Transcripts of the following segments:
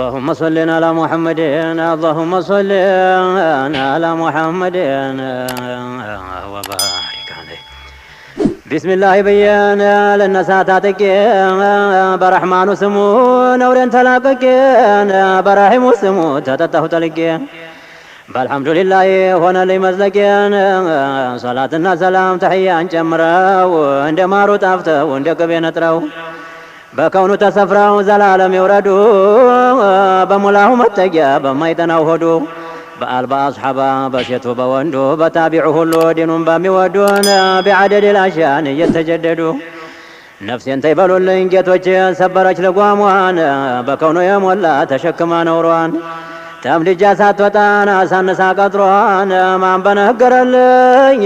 اللهم صل على محمد اللهم صل على محمد وبارك عليه بسم الله بيان للناس تعطيك برحمن سمو نور تلاقك برحم سمو تتته تلك بالحمد لله هنا لي صلاة صلاتنا سلام تحيان جمرا وندمارو تافتو وندقبين تراو በከውኑ ተሰፍረው ዘላለም ይውረዱ በሙላሁ መጠጊያ በማይጠናው ሆዱ በአልባ አስሓባ በሴቱ በወንዱ በታቢዑ ሁሉ ዲኑን በሚወዱን ቢዓደድ ልአሽያን እየተጀደዱ ነፍሴን ተይበሉልኝ ጌቶች ሰበረች ልጓሟን በከውኑ የሞላ ተሸክማ ነውሯን ተምልጃ ሳትወጣን አሳንሳ ቀጥሯን ማን በነገረልኝ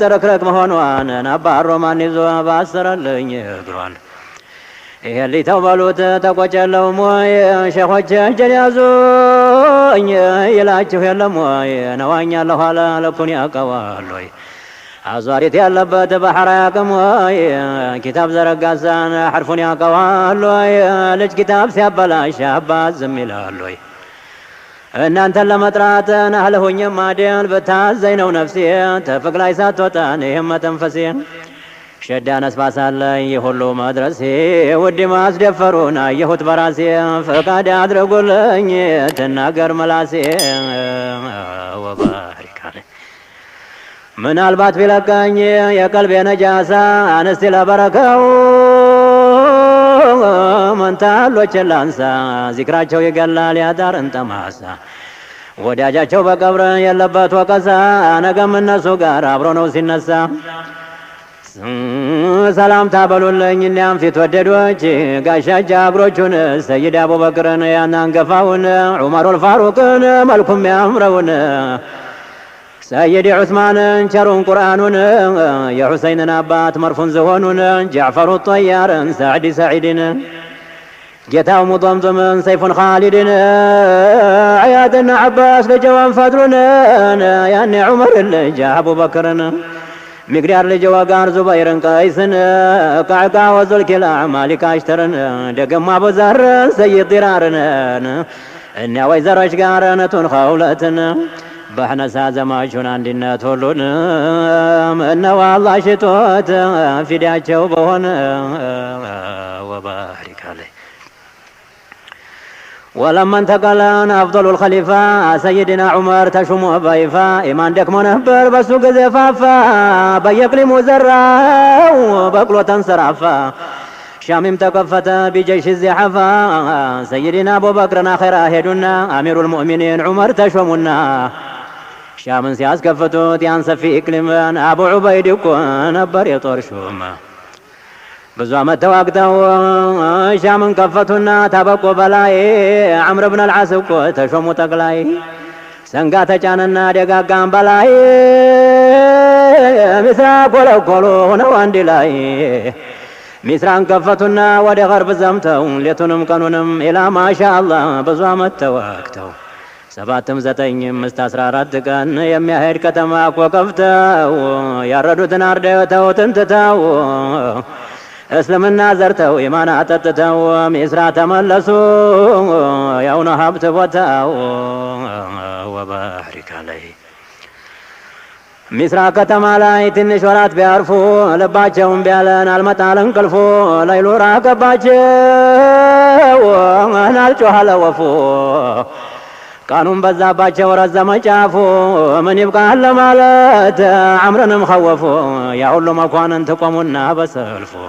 ጥርክርክ መሆኗን ናባሮ ማን ይዞ ባሰረልኝ እግሯን ይሄን በሉት ተቆጨለው ሞይ ሸኾች እጀን ያዙኝ ይላችሁ የለም ወይ ነዋኛለሁ አለ ልኩን ያውቀዋል ወይ አዟሪት ያለበት ባሕር አያውቅም ወይ ኪታብ ዘረጋዛን ሐርፉን ያቀዋሉ ወይ ልጅ ኪታብ ሲያበላሽ አባት ዝም ይላል ወይ እናንተን ለመጥራት ናህለሁኝም አዴን ብታዘኝ ነው ነፍሴ ተፍቅ ላይ ሳትወጣን ይህም መተንፈሴን ሸዳ ነስባሳለ የሁሉ መድረሴ ውድ ማስደፈሩን አየሁት በራሴ ፈቃድ አድርጉልኝ ትናገር መላሴ ወባሪካለ ምናልባት ቢለቀኝ የቀልቤ ነጃሳ አንስቲ ለበረከው መንታሎችን ላንሳ ዚክራቸው ይገላል ያዳርን ጠማሳ ወዳጃቸው በቀብረ የለበት ወቀሳ ነገም እነሱ ጋር አብሮ ነው ሲነሳ سلام تابلو لنجي نعم في توددوشي غاشا جابروشون سيد ابو بكرن يانان قفاون عمر الفاروق ملكم يامرون سيد عثمان شرون قرآنون يا حسين نبات مرفون زهونون جعفر الطيار سعد سعيدين جتا مضمضم سيف خالد عياد عباس لجوان فدرنا يا عمر اللي جاء ابو بكر مقدار ልጅ زبير قيسن ቀይስን ቃዕቃ كلا مالك اشترن دقم ابو زهر سيد ወይዘሮች ጋር ነቱን ከውለትን በህነሳ ዘማቹን አንድነት ሁሉን እነዋ ሽቶት ፊዳቸው በሆነ ወባሪክ ولما انتقل انا أفضل الخليفة سيدنا عمر تشم بايفا إيمان دك منهبر بسو قزفافا بيقلم مزرع وبقلو تنصرفا شامم تكفت بجيش الزحفا سيدنا أبو بكر آخر هدنا أمير المؤمنين عمر تشمنا شامن سياس كفتوت ينصف سفي إقلمان أبو عبيد يكون ابر يطرشوما ብዙ ዓመት ተዋግተው ሻምን ከፈቱና ታበቆ በላይ ዐምር ብን አልዓስ እኮ ተሾሙ ጠቅላይ ሰንጋ ተጫነና ደጋጋም በላይ ሚስራ ኮለኮሎ ሆነው አንድ ላይ ሚስራን ከፈቱና ወደ ኸርብ ዘምተው ሌቱንም ቀኑንም ኢላ ማሻአላ ብዙ ዓመት ተዋግተው ሰባትም ዘጠኝም እስከ አስራ አራት ቀን የሚያሄድ ከተማ እኮ ያረዱትን አርደው ተውትን اسلمنا زرتو ايمانا اتتتو ميسرا تملسو يونا هبت وتاو وبارك عليه ميسرا كتما لاي تنش ورات بيعرفو لباچهم بيالان المطال انقلفو ليلو راك باچهو نالچو حالا وفو قانون بزاباچه ورزا مچافو من يبقى هلا مالات عمرنا مخوفو يا هلو مكوان انتقومنا بسلفو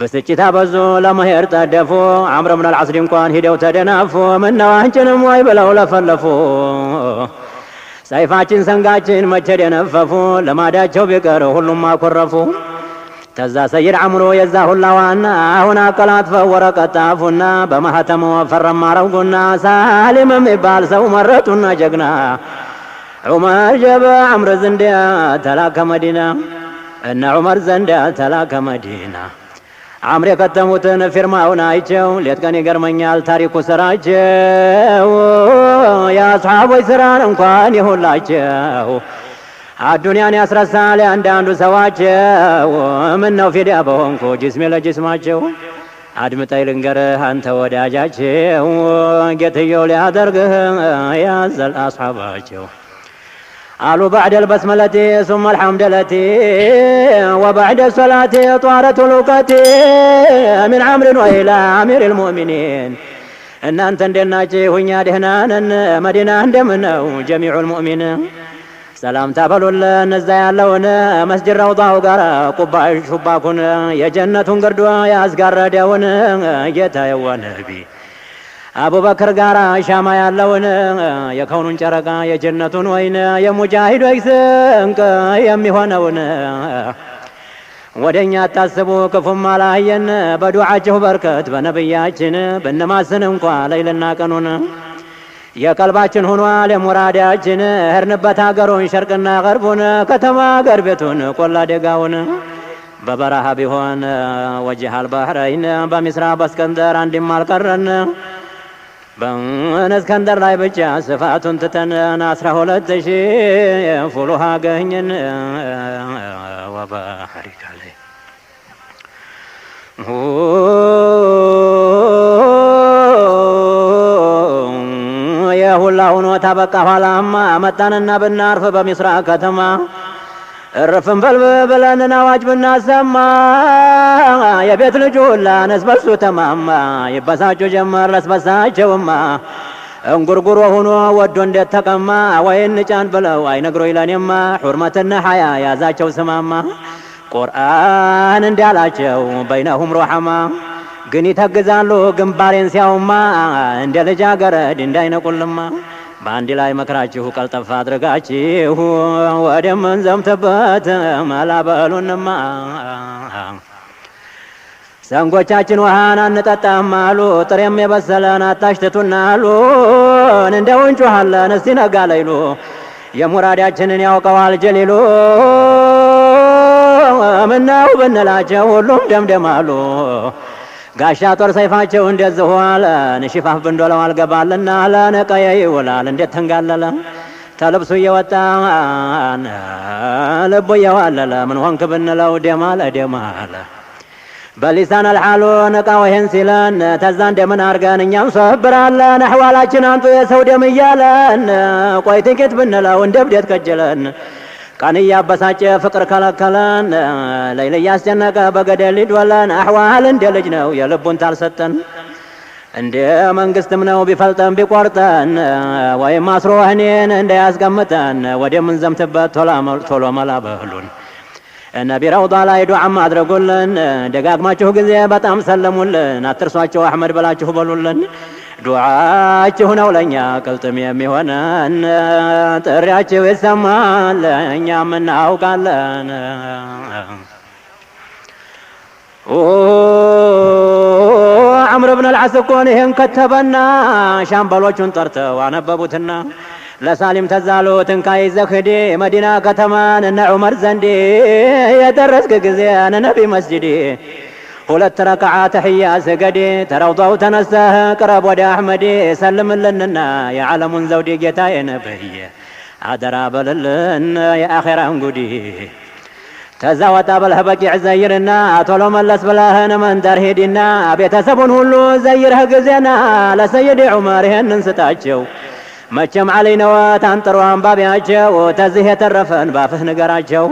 ብስጭት አበዙ ለመሄድ ጠደፉ አምር ብን አልዓስ እንኳን ሂደው ተደናፉ ምነው አንቺንም ወይ ብለው ለፈለፉ ሰይፋችን ሰንጋችን መቼ ደነፈፉ ለማዳቸው ቢቀር ሁሉም አኮረፉ ተዛ ሰይድ አምሮ የዛ ሁላ ዋና አሁን አቀላጥፈው ወረቀት ጣፉና በማህተሞ ፈረም አረጉና ሳሊም የሚባል ሰው መረጡና ጀግና ዑመር ጀበ አምር ዘንዲያ ተላከ መዲና እነ ዑመር ዘንዲያ ተላከ መዲና አምር የከተሙትን ፊርማውን አይቸው ሌት ቀን ይገርመኛል ታሪኩ ስራቸው የአስሓቦች ስራን እንኳን ይሁላቸው አዱንያን ያስረሳል አንዳንዱ ሰዋቸው ምን ነው ፊዲያ በሆንኩ ጅስሜ ለጅስማቸው አድምጠኝ ልንገርህ አንተ ወዳጃቸው ጌትየው ሊያደርግህ ያዘል አስሓባቸው قالوا بعد البسملة ثم الحمد وبعد الصلاة طارة لقتي من عمر وإلى أمير المؤمنين إن أنت عندنا هنيا دهنان مدينة عندنا وجميع المؤمنين سلام تابلو لنا ازاي اللون مسجد روضة وقارا قبعة شباكون يا جنة قردوا يا ازقار داون يا نبي አቡበክር ጋር ሻማ ያለውን የከውኑን ጨረቃ የጀነቱን ወይን የሙጃሂዶች ስንቅ የሚሆነውን ወደኛ አታስቡ ክፉም አላየን በዱዓችሁ በርከት በነብያችን ብንማስን እንኳ ለይልና ቀኑን የቀልባችን ሆኗል የሙራዳችን እህርንበት አገሩን ሸርቅና ገርቡን ከተማ አገር ቤቱን ቆላ ደጋውን በበረሃ ቢሆን ወጅሃል ባህረይን በሚስራ በስከንደር አንድም አልቀረን በእስከንደር ላይ ብቻ ስፋቱን ትተን አስራ ሁለት ሺ ፉል ውሃ ገኝን ወበሐሪካ ላይ የሁላ ሁኖታ በቃ ኋላማ መጣንና ብናርፍ በሚስራ ከተማ እርፍን በል ብለን አዋጅ ብናሰማ የቤት ልጁ ላነስ በሱ ተማማ ይበሳጩ ጀመር ለስበሳቸውማ እንጉርጉሮ ሆኖ ወዶ እንዴት ተቀማ ወይን ጫን ብለው አይነግሮ ይለኔማ ሑርመትና ሐያ ያዛቸው ስማማ ቁርአን እንዳላቸው በይነሁም ሩሐማ ግን ይተግዛሉ ግንባሬን ሲያውማ እንደ ልጃገረድ እንዳይነቁልማ በአንድ ላይ መክራችሁ ቀልጠፋ አድርጋችሁ ወደምንዘምትበት መላ በሉንማ ሰንጎቻችን ውሃን አንጠጣም አሉ። ጥሬም የበሰለን አታሽትቱና አሉ። እንደው እንጮኋለን እስቲ ነጋ ለይሉ የሙራዳችንን ያውቀዋል ጀሊሉ። ምናው ብንላቸው ሁሉም ደምደም አሉ። ጋሻ ጦር ሰይፋቸው እንዴት ዝሆል ንሽፋፍ ብንዶለው አልገባልና ለነቀየ ይውላል እንዴት ተንጋለለ ተልብሱ እየወጣ ልቡ እየዋለለ ምን ሆንክ ብንለው ደማለ ደማለ በሊሳን አልሓሉ ነቃ ወሄን ሲለን ተዛ እንደምን አርገን እኛም ሰብራለን አሕዋላችን አንጡ የሰው ደም እያለን ቆይ ትንቄት ብንለው እንደብዴት ከጅለን ቀን እያበሳጨ ፍቅር ከለከለን፣ ሌል እያስጨነቀ በገደል ይዶለን። አሕዋል እንደ ልጅ ነው የልቡን ታልሰጠን፣ እንደ መንግስትም ነው ቢፈልጠን ቢቆርጠን፣ ወይም አስሮ እኔን እንዳያስቀምጠን፣ ወደምንዘምትበት ቶሎ መላ በሉን። ነቢ ረውዳ ላይ ዱዓም አድረጉልን፣ ደጋግማችሁ ጊዜ በጣም ሰለሙልን፣ አትርሷቸው አሕመድ በላችሁ በሉልን። ዱዓችሁ ነው ለእኛ ቅልጥም የሚሆነን ጥሪያችሁ ይሰማል እኛም እናውቃለን። አምር ብን አልዓስ እኮን ይህን ከተበና ሻምበሎቹን ጠርተው አነበቡትና ለሳሊም ተዛሉ ትንካይ ይዘህ መዲና ከተማን እነ ዑመር ዘንድ የደረስክ ጊዜ ነነቢ መስጅድ ሁለት ረክዓ ተሕያ ስገድ ተረውጧው ተነስተህ ቅረብ ወደ አሕመድ ሰልምልንና የዓለሙን ዘውድ ጌታ የነበየ አደራ በልልን የአኼራን ጉዲ ተዛ ወጣ በልህ በቂዕ ዘይርና ቶሎ መለስ ብለህን ንመንደር ሂድና ቤተሰቡን ሁሉ ዘይርህ ጊዜና ለሰይድ ዑመር ይህንን ስጣቸው። መቼም ዓሊ ነወት አንጥሮ አንባቢያቸው ተዚህ የተረፈን ባፍህ ንገራቸው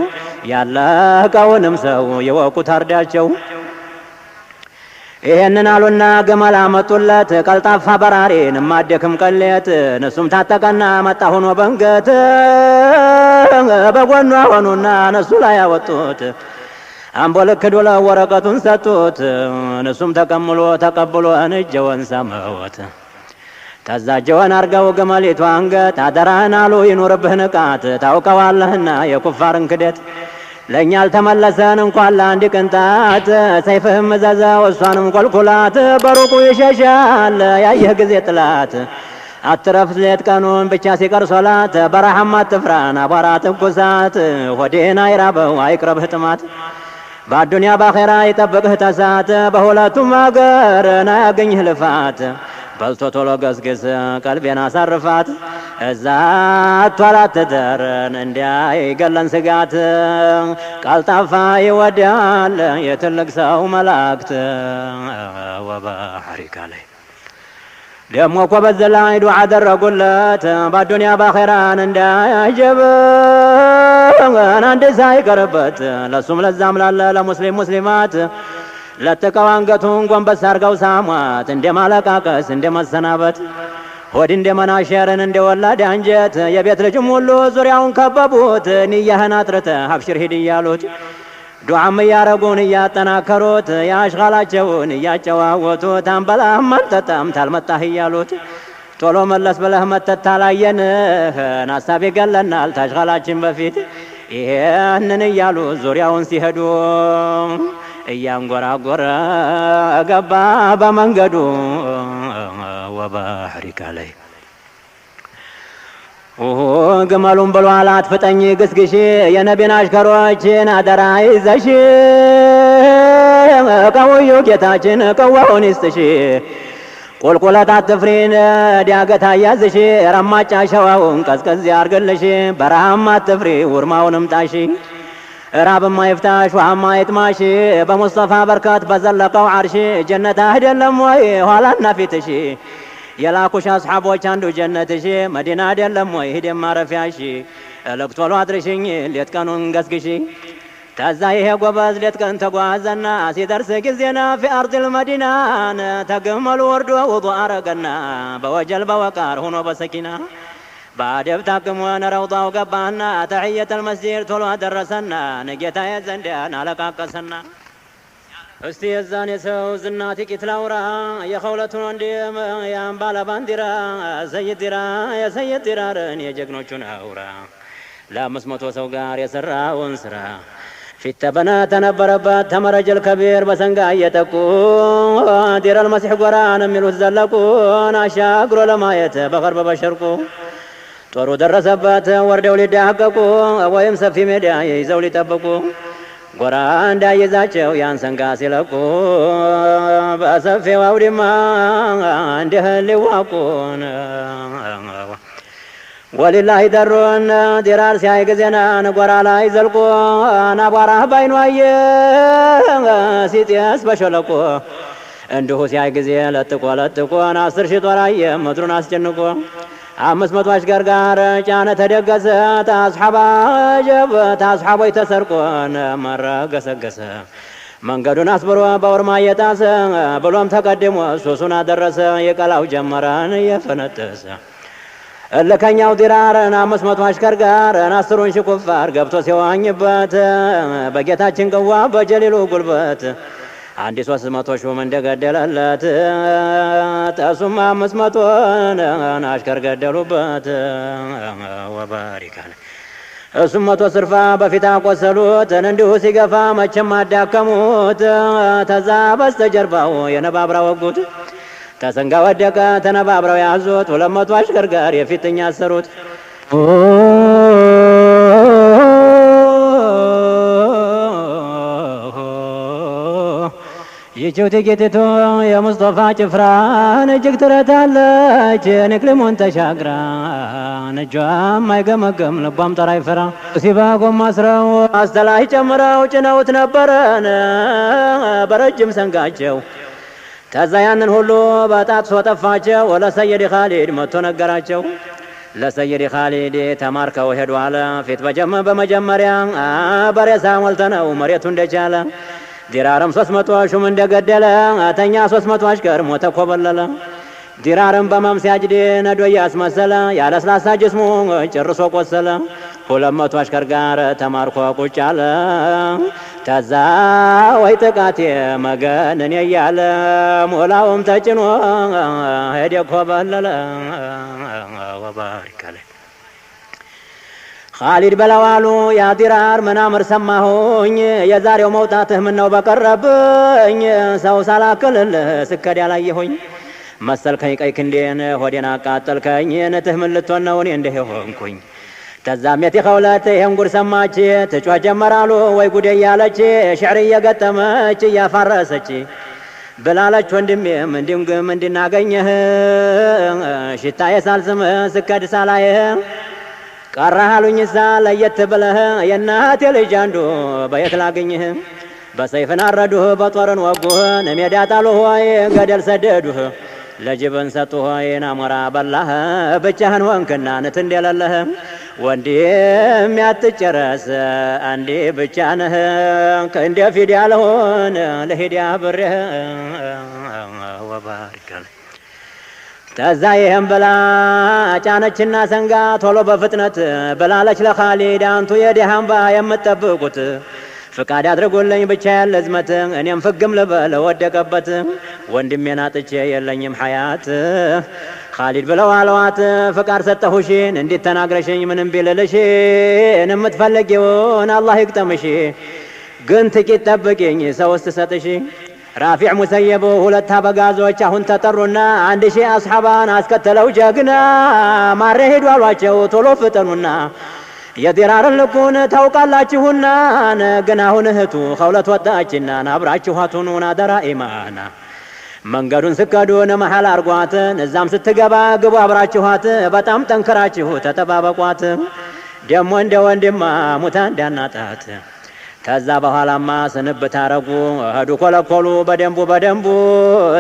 ቀውንም ሰው የወቁት አርዳቸው። ይሄንን አሉና ግመል አመጡለት ቀልጣፋ በራሪን ማደክም ቀሌት እሱም ታጠቀና መጣ ሆኖ በንገት በጎኗ ሆኑና እነሱ ላይ አወጡት አምቦ ልክ ዱለ ወረቀቱን ሰጡት እሱም ተቀምሎ ተቀብሎ እንጀወን ሰመወት ተዛጀወን አርገው ግመሊቷ አንገት አደራህን አሉ ይኑርብህ ንቃት ታውቀዋለህና የኩፋርን ክደት ለእኛ አልተመለሰን እንኳን ለአንድ ቅንጣት ሰይፍህ መዘዘ እሷንም ቆልኩላት በሩቁ ይሸሻል ያየህ ጊዜ ጥላት አትረፍ ሌት ቀኑን ብቻ ሲቀር ሶላት በረሃማ አትፍራን አቧራ ትኩሳት ሆዴን አይራበው አይቅረብህ ጥማት በአዱንያ ባኼራ ይጠብቅህ ተሳት በሁለቱም አገር ናያገኝህ ልፋት በልቶ ቶሎ ገዝግዝ ቀልቤን አሳርፋት እዛ ቷላትተርን እንዲያይገለን ስጋት ቀልጣፋ ይወዳል የትልቅ ሰው መላእክት ወባሐሪካ ላይ ደሞ ደግሞ ኮበዝ ላይ ዱዓ አደረጉለት በአዱንያ ባኼራን እንዳያጀብ አንድ ሳይቀርበት ለሱም ለዛም ላለ ለሙስሊም ሙስሊማት ለጥቀው አንገቱን ጎንበስ አርገው ሳሟት፣ እንደ ማለቃቀስ እንደ መሰናበት ሆድ እንደ መናሸርን እንደ ወላድ አንጀት የቤት ልጅም ሁሉ ዙሪያውን ከበቡት። ንያህን አጥርተ ሀብሽር ሂድ እያሉት ዱዓም እያረጉን እያጠናከሩት የአሽኻላቸውን እያጨዋወቱት አንበላም አንጠጣም ታልመጣህ እያሉት ቶሎ መለስ ብለህ መተት ታላየንህ ሀሳብ ይገለናል ታሽኻላችን በፊት ይህንን እያሉ ዙሪያውን ሲሄዱ እያንጎራጎረ ገባ በመንገዱ ወባሕሪከ ላይ ግመሉን ብሎ ፍጠኝ ግስግሽ የነቢን አሽከሮችን አደራ ይዘሽ ቀውዩ ጌታችን ቀዋውን ይስጥሽ ቁልቁለት አትፍሪን ዲያገታ አያዝሽ ረማጫ ሸዋውን ቀዝቀዝ ያርግልሽ በረሃም አትፍሪ ውርማውንም ራብማ ይፍታሽ ውሃማ ይጥማሽ በሙስጠፋ በርከት በዘለቀው አርሽ ጀነት አይደለም ወይ ኋላና ፊትሽ የላኩሽ አስሓቦች አንዱ ጀነትሽ መዲና አይደለም ወይ ሂደን ማረፊያሽ እልክ ቶሎ አድርሽኝ ሌት ቀኑን ገስግሽ ከዛ ይሄ ጎበዝ ሌት ቀን ተጓዘና ሲደርስ ጊዜና ፊ አርድል መዲናን ተግመሉ ወርዶ ውዱ አረገና በወጀል በወቃር ሆኖ በሰኪና بعد افتاق موانا روضا وقبانا تحية المسجد طلوة درسنا نجيتا يا زندان على قاقسنا استي الزاني سو زناتي كتلاورا يا خولة ونديم يا مبالا بانديرا سيد ديرا يا سيد ديرا رني جقنو چناورا لا مسمتو سوغار يا سرا ونسرا في التبنا تنبر بات تمرج الكبير بسنقا يتكون دير المسيح قران من الزلقون عشاق لما يتبغر ببشركو ጦሩ ደረሰበት ወርደው ሊዳቀቁ ወይም ሰፊ ሜዳ ይዘው ሊጠብቁ ጎራ እንዳይዛቸው ያን ሰንጋ ሲለቁ በሰፊው አውድማ እንዲህ ሊዋቁን ወሊላ ይጠሩን ዲራር ሲያይ ጊዜናን ጎራ ላይ ዘልቆን ባይኑ አየ ሲጤስ በሸለቆ እንዲሁ ሲያይ ጊዜ ለጥቆ ለጥቆን አስር ሺ ጦር አየ ምድሩን አስጨንቆ አምስት መቶ አሽከር ጋር ጫነ ተደገሰ ታስሓባ ጀበ ታስሓቦይ ተሰርቆን መረገሰገሰ መንገዱን አስብሮ በወርማ እየጣሰ ብሎም ተቀድሞ ሱሱን አደረሰ የቀላው ጀመረን እየፈነጠሰ እልከኛው ዲራርን አምስት መቶ አሽከር ጋር አስሩን ሽኩፋር ገብቶ ሲዋኝበት በጌታችን ገዋ በጀሊሉ ጉልበት አንድ ሶስት መቶ ሹም እንደገደለለት ጠሱም አምስት መቶ አሽከር ገደሉበት። ወባሪካል እሱም መቶ ስርፋ በፊት አቆሰሉት እንዲሁ ሲገፋ መቼም አዳከሙት። ተዛ በስተጀርባው የነባብራ ወጉት ተሰንጋ ወደቀ ተነባብረው ያዙት። ሁለት መቶ አሽከር የፊትኛ አሰሩት። ይችው ጥቂቲቱ የሙስጦፋ ጭፍራ እጅግ ትረታለች ንቅሊሙን ተሻግራ እጇም አይገመገም ልቧም ጠራ ይፈራ ሲባ ጎማ አስረው አስተላይ ጨምረው ጭነውት ነበረን በረጅም ሰንጋቸው ከዛ ያንን ሁሉ በጣጥሶ ጠፋቸው። ለሰይድ ኻሊድ መጥቶ ነገራቸው። ለሰይድ ኻሊድ ተማርከው ሄዱ አለ ፊት በመጀመሪያ በሬሳ ሞልተነው መሬቱ እንደቻለ ዲራርም ሶስት መቶ ሹም እንደገደለ አተኛ ሶስት መቶ አሽከር ሞተ ኮበለለ። ዲራርም በማምሲያጅ ሲያጅድ ነዶ እያስመሰለ ያለስላሳ ጅስሙ ጭርሶ ቆሰለ። ሁለት መቶ አሽከር ጋር ተማርኮ ቁጭ አለ። ተዛ ወይ ጥቃቴ መገንን እያለ ሞላውም ተጭኖ ሄደ ኮበለለ። ወባሪከለ ኻሊድ በለዋሉ የአዲራር መናምር ሰማሁኝ የዛሬው መውጣትህ ምነው በቀረብኝ ሰው ሳላክልልህ ስከድ ያላየሁኝ መሰልከኝ ቀይ ክንዴን ሆዴን አቃጠልከኝ ነትህ ምን ልትሆን ነው እኔ እንዲህ የሆንኩኝ ተዛም የት ኸውለት ጉድ ሰማች ትጮህ ጀመራሉ ወይ ጉዴ እያለች ሽዕር እየገጠመች እያፋረሰች ብላለች ወንድሜም እንዲም ግም እንድናገኘህ ሽታዬ ሳልስምህ ስከድ ሳላይህ ቀራሃሉኝሳ ለየት ብለህ የእናቴ ልጅ አንዱ በየት ላግኝህ? በሰይፍን አረዱህ በጦርን ወጉህ ሜዳ ጣሉ ሆይ ገደል ሰደዱህ ለጅብን ሰጡ ሆይ ናሞራ በላህ ብቻህን ወንክና ንት እንደሌለህ ወንድም ያትጨረስ አንዴ ብቻ ነህ እንደ ፊዲያ ለሆን ለሂዲያ ብሬህ ወባሪከል ከዛ ይህም ብላ ጫነችና ሰንጋ ቶሎ በፍጥነት ብላለች ለኻሊድ አንቱ የድሃምባ የምትጠብቁት ፍቃድ አድርጉልኝ ብቻ ዝመት እኔም ፍግም ልበል ወደቀበት ወንድሜ አጥቼ የለኝም ሀያት ኻሊድ ብለው አለዋት ፍቃድ ሰጠሁሽን እንዴት ተናግረሽኝ ምንም ቢልልሽ የምትፈልጊውን አላህ ይግጠምሽ ግን ጥቂት ጠብቂኝ ሰው ውስጥ ሰጥሽ ራፊዕ ሙሰየብ ሁለት አበጋዞች አሁን ተጠሩና አንድ ሺህ አስሓባን አስከተለው ጀግና ማረ ሄዱ አሏቸው ቶሎ ፍጠኑና የዲራርን ልኩን ታውቃላችሁና ግን አሁን እህቱ ከሁለት ወጣችና ናብራችኋቱን አደራ ኢማና መንገዱን ስከዱን መሐል አርጓትን እዛም ስትገባ ግቡ አብራችኋት በጣም ጠንክራችሁ ተጠባበቋት ደሞ እንደ ወንድማ ሙታ እንዳናጣት ከዛ በኋላማ ስንብት አረጉ እህዱ ኮለኮሉ በደንቡ በደንቡ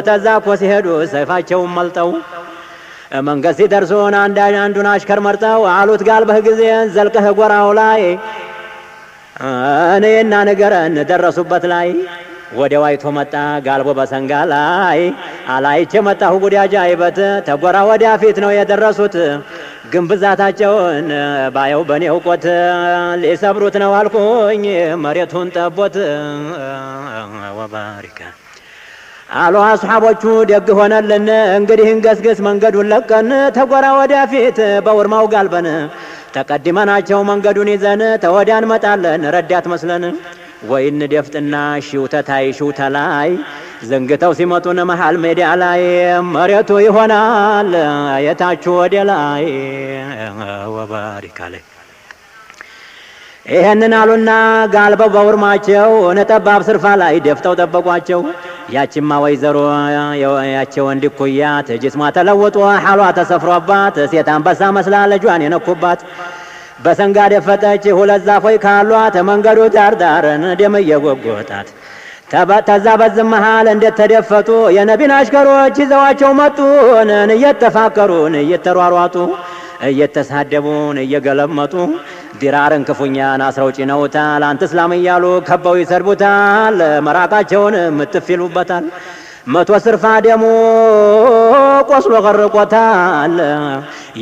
ተዛ ኮ ሲሄዱ ሰይፋቸውን መልጠው መንገድ ሲደርሱን አንድ አንዱን አሽከር መርጠው አሉት ጋልበህ ጊዜን ዘልቀህ ጎራው ላይ እኔና ንገረን ደረሱበት ላይ ወደ ዋይቶ መጣ ጋልቦ በሰንጋ ላይ አላይቼ መጣሁ ጉድ አይበት ተጎራ ወዲያ ፊት ነው የደረሱት ግን ብዛታቸውን ባየው በኔ እውቆት ሊሰብሩት ነው አልኩኝ መሬቱን ጠቦት ወባሪካ አሉ አስሓቦቹ ደግ ሆነልን እንግዲህ እንገስገስ መንገዱን ለቀን ተጎራ ወዲያ ፊት በውርማው ጋልበን ተቀድመናቸው መንገዱን ይዘን ተወዲያ እንመጣለን ረዳት መስለን ወይን ደፍጥና ሽውተታይ ሽውተላይ ዘንግተው ሲመጡን መሃል ሜዳ ላይ መሬቱ ይሆናል የታች ወደ ላይ ወባሪካለ ይሄንን አሉና ጋልበው በውርማቸው ነጠባብ ስርፋ ላይ ደፍተው ጠበቋቸው። ያችማ ወይዘሮ ያቸው ወንድ ኩያ ትጅስማ ተለውጦ ሐሏ ተሰፍሮባት ሴት አንበሳ መስላ ልጇን የነኩባት በሰንጋ ደፈጠች ሁለት ዛፎች ካሏት መንገዱ ዳር ዳርን ደም እየጎጎታት ተዛ በዝም መሃል እንደተደፈጡ የነቢን አሽከሮች ይዘዋቸው መጡንን እየተፋከሩን እየተሯሯጡ እየተሳደቡን እየገለመጡ ዲራርን ክፉኛን አስረው ጭነውታል። አንተ እስላም እያሉ ከበው ይሰድቡታል። መራቃቸውን ምትፍ መቶ ስርፋ ደሞ ቆስሎ ቀርቆታል።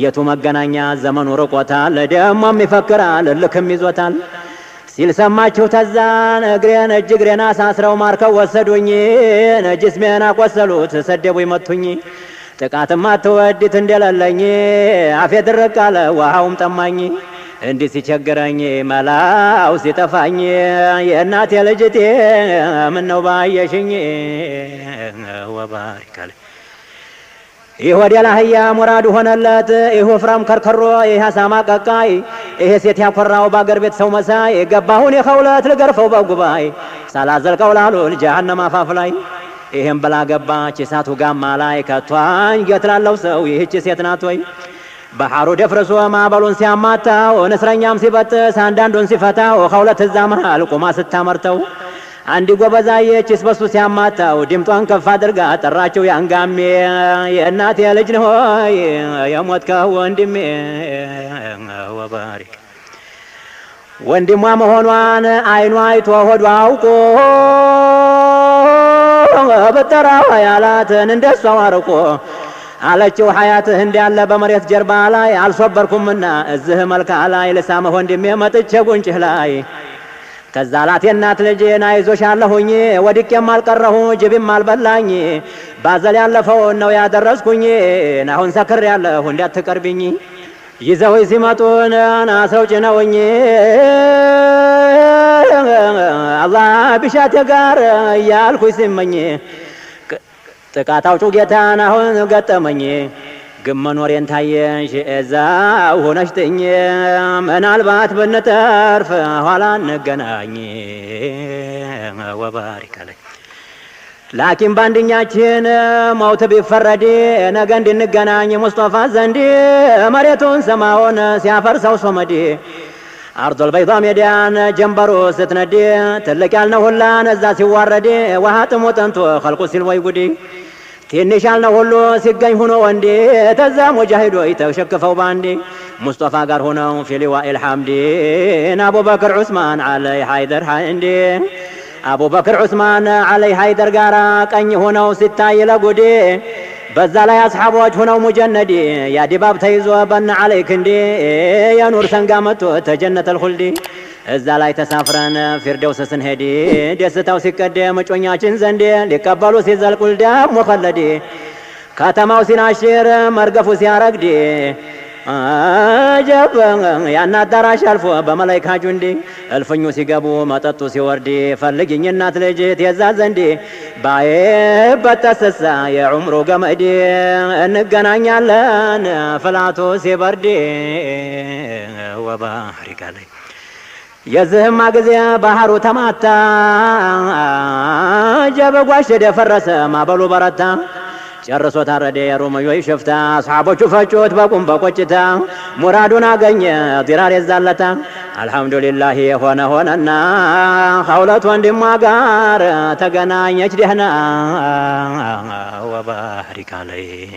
የቱ መገናኛ ዘመኑ ርቆታል። ደሞም ይፈክራል ልክም ይዞታል ሲል ሰማችሁ ተዛን እግሬን እጅ እግሬን አሳስረው ማርከው ወሰዱኝ። ጅስሜን አቆሰሉት ሰደቡ ይመቱኝ። ጥቃትም አትወድት እንደሌለኝ አፌ ድርቅ አለ ውሃውም ጠማኝ። እንዲህ ሲቸግረኝ መላው ሲጠፋኝ የእናቴ ልጅቴ ምነው ባየሽኝ ወባሪካል ይህ ወዲያ አህያ ሙራዱ ሆነለት። ይህ ወፍራም ከርከሮ፣ ይህ አሳማ ቀቃይ፣ ይሄ ሴት ያኮራው በአገር ቤት ሰው መሳይ ገባሁን የኸውለት ልገርፈው በጉባይ ሳላዘልቀው ላሉ ልጃሃነም አፋፍ ላይ ይህም ብላ ገባች እሳቱ ጋማ ላይ ከቷኝ የትላለው ሰው ይህች ሴት ናት ወይ? ባህሩ ደፍርሶ ማዕበሉን ሲያማታው እስረኛም ሲበጥስ አንዳንዱን ሲፈታው ከሁለት እዛ መሃል ቁማ ስታመርተው አንድ ጎበዛየች ስበሱ ሲያማታው ድምጧን ከፍ አድርጋ ጠራቸው ያንጋሜ የእናቴ ልጅ ሆይ የሞትከው ወንድሜ ወባሪ ወንድሟ መሆኗን አይኗ አይቶ ሆዷ አውቆ በጠራዋ ያላትን እንደሷ አርቆ አለችው ሀያትህ እንዲያለ በመሬት ጀርባ ላይ አልሶበርኩምና እዝህ መልካ ላይ ልሳመህ ወንድሜ መጥቼ ጉንጭህ ላይ ከዛ ላቴ እናት ልጅ ናይዞሽ አለሁኝ ወድቄም አልቀረሁ ጅብም አልበላኝ ባዘል ያለፈውን ነው ያደረስኩኝ አሁን ሰክር ያለሁ እንዳትቀርብኝ ይዘው ሲመጡን ናሰው ጭነውኝ አላህ ብሻቴ ጋር እያልኩ ሲመኝ ጥቃት አውጩ ጌታን አሁን ገጠመኝ ግመን ወሬን ታየሽ እዛው ሆነሽ ጥኝ ምናልባት ብንተርፍ ኋላ እንገናኝ ወባሪክ አለኝ ላኪን በአንድኛችን መውት ቢፈረድ ነገ እንድንገናኝ ሙስጦፋ ዘንድ መሬቱን ሰማውን ሲያፈርሰው ሶመድ አርዶል በይዷ ሜዳን ጀንበሩ ስትነድ ትልቅ ያልነው ሁላን እዛ ሲዋረድ ውሃ ጥሙ ጠንቶ ኸልቁ ሲል ወይ ትንሽ ያልነው ሁሉ ሲገኝ ሁኖ ወንዴ ተዛም ወጃሂዶ ተሸክፈው ባንዴ ሙስጠፋ ጋር ሆነው ፊሊዋኤል ሐምዴን አቡበክር ዑስማን አለይ ሃይደር ሃንዴ አቡበክር ዑስማን አለይ ሃይደር ጋራ ቀኝ ሆነው ሲታይ ለጉዴ በዛ ላይ አስሓቦች ሆነው ሙጀነዴ ያዲባብ ተይዞ በነ አለይ ክንዴ የኑር ሰንጋ መጥቶ ተጀነተ ልኹልዴ እዛ ላይ ተሳፍረን ፊርደውስ ስንሄድ ደስታው ሲቀደም እጮኛችን ዘንድ ሊቀበሉ ሲዘልቁል ደሞ ኸለድ ከተማው ሲናሽር መርገፉ ሲያረግድ አጀብ ያን አዳራሽ አልፎ በመላይካ ጁንዲ እልፍኙ ሲገቡ መጠጡ ሲወርድ ፈልግኝ እናት ልጅት የዛ ዘንዲ ባዬ በተሰሳ የዑምሩ ገመድ እንገናኛለን ፍላቶ ሲበርድ ወባህሪካ ላይ የዝህም ጊዜ ባህሩ ተማታ፣ ጀበጓሽ ተደፈረሰ፣ ማበሉ በረታ። ጨርሶ ታረደ የሮማዮች ይሽፍታ አስሓቦቹ ፈጩት በቁም በቆጭታ፣ ሙራዱን አገኘ ዲራር የዛለታ። አልሐምዱሊላህ የሆነ ሆነና ከሁለት ወንድሟ ጋር ተገናኘች ደህና ወባሪካለይ